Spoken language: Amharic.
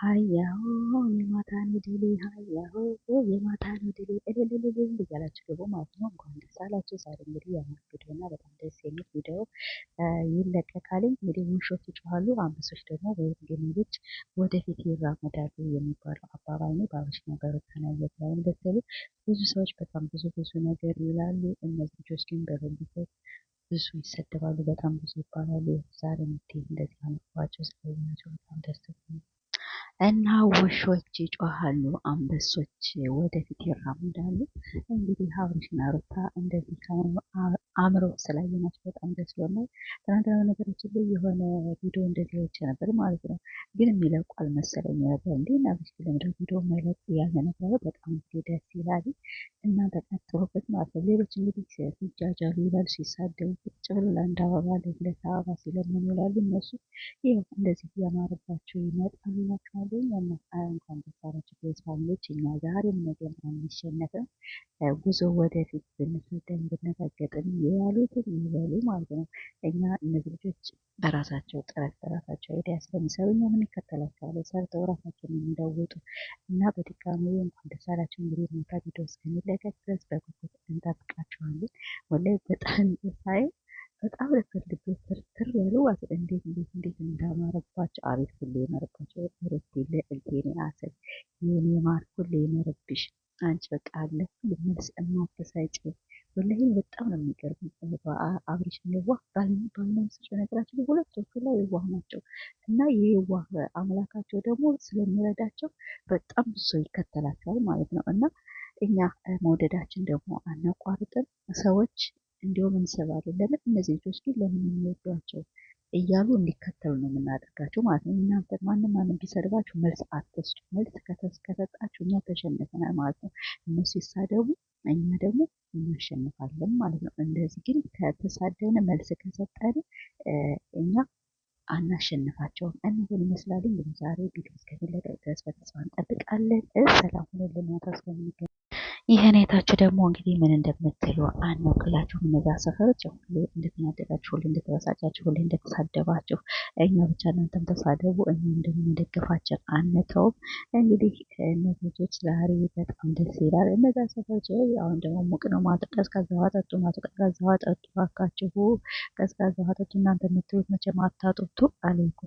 ሀያሆ የማታን ድል ሀያሆ የማታን ድል እልልልልል እያላችሁ ግቡ ማለት ነው። እንኳን ደስ አላችሁ። ዛሬ እንግዲህ ያምር እና በጣም ደስ የሚል ቪዲዮ ይለቀቃል። እንግዲህ ውሾች ይጮኋሉ፣ አንበሶች ደግሞ ወይም ግመሎች ወደፊት ይራመዳሉ የሚባለው አባባል ነው። በአበሽ ነገሮች ተናየት ላይ እንደተሉ ብዙ ሰዎች በጣም ብዙ ብዙ ነገር ይላሉ። እነዚህ ልጆች ግን በበሉበት ብዙ ይሰደባሉ፣ በጣም ብዙ ይባላሉ። ዛሬ ምት እንደዚህ አመጥባቸው ስለሆናቸው በጣም ደስ እና ውሾች ይጮሃሉ አንበሶች ወደፊት ይራመዳሉ እንግዲህ አብርሽና ሩታ እንደዚህ ከሆኑ አምረው ስላየናቸው በጣም ደስ ብሎናል። ትናንትና ነገሮችን ላይ የሆነ ቪዲዮ እንደዚህ አይቼ ነበር ማለት ነው፣ ግን የሚለቁ አልመሰለኝ ነበር። እና ናብሽ ለምደው ቪዲዮ የማይለቁ ያለ ነበረ። በጣም ጊዜ ደስ ይላል። እናንተ ቀጥሎበት ማለት ነው። ሌሎች እንግዲህ ሲጃጃሉ ይላል፣ ሲሳደቡ ቁጭ ብሎ ለአንድ አበባ ለሁለት አበባ ሲለምን ይላሉ። እነሱ ይህ እንደዚህ እያማረባቸው ይመጣሉ ይላቸዋል። እንኳን ደስ አላችሁ ፋሚሎች፣ እኛ ዛሬ ነገም አንሸነፍም። ጉዞ ወደፊት ብንል ደንብና ረገጥን ያሉትን ይበሉ ማለት ነው። እኛ እነዚህ ልጆች በራሳቸው ጥረት በራሳቸው አይዲያ ስለሚሰሩ እኛ ምን ይከተላቸዋል ሰርተው ራሳቸውን የሚለውጡ እና በድጋሚ እንኳን ደስ አላችሁ። እንግዲህ ማታ ቪዲዮ እስከሚለቀቅ ድረስ በጉጉት እንጠብቃችኋለን። ወላሂ በጣም ሳይ በጣም ለፈልግ ትርትር ያሉ አስል እንዴት እንዴት እንዴት እንዳማረባቸው አቤት ሁሌ ይመርባቸው ሩቲ ለእልቴኔ አስል የኔ ማር ሁሌ ይመርብሽ አንቺ በቃ አለፍ ልመልስ እናትሳይጭ ወላሂ በጣም ነው የሚገርም። አብሪሽ የዋህ ባልናምሶች በነገራችን ሁለቶቹ ላይ የዋህ ናቸው እና የዋህ አምላካቸው ደግሞ ስለሚረዳቸው በጣም ብዙ ሰው ይከተላቸዋል ማለት ነው። እና እኛ መውደዳችን ደግሞ አናቋርጥም። ሰዎች እንዲሁም እንስባለን። ለምን እነዚህ ልጆች ግን ለምን የሚወዷቸው እያሉ እንዲከተሉ ነው የምናደርጋቸው ማለት ነው። እናንተ ማንም ማንም ቢሰድባችሁ መልስ አትስጡ። መልስ ከተሰጣችሁ እኛ ተሸንፈናል ማለት ነው። እነሱ ይሳደቡ፣ እኛ ደግሞ እናሸንፋለን ማለት ነው። እንደዚህ ግን ከተሳደነ መልስ ከሰጠን እኛ አናሸንፋቸውም። እነዚህን ይመስላል እንግዲህ ዛሬ ቪዲዮ እስከሚለቀቅ ድረስ በተስፋ እንጠብቃለን። ሰላም ሁኑልን። ማታ እስከምንገናኝ ይህ ሁኔታችሁ ደግሞ እንግዲህ ምን እንደምትሉ አናውቅላችሁም። እነዛ ሰፈሮች ሁሌ እንደተናደዳችሁ፣ ሁሌ እንደተበሳጫችሁ፣ ሁሌ እንደተሳደባችሁ እኛ ብቻ እናንተም ተሳደቡ፣ እኛም ደግሞ መደገፋችን አንተውም። እንግዲህ እነዚህ ልጆች ዛሬ በጣም ደስ ይላል። እነዛ ሰፈሮች አሁን ደግሞ ሙቅ ነው ማለት ቀዝቃዛ ውሃ ጠጡ ማለት ቀዝቃዛ ውሃ ጠጡ እባካችሁ፣ ቀዝቃዛ ውሃ ጠጡ። እናንተ የምትሉት መቼም አታጡቱ አልኩ።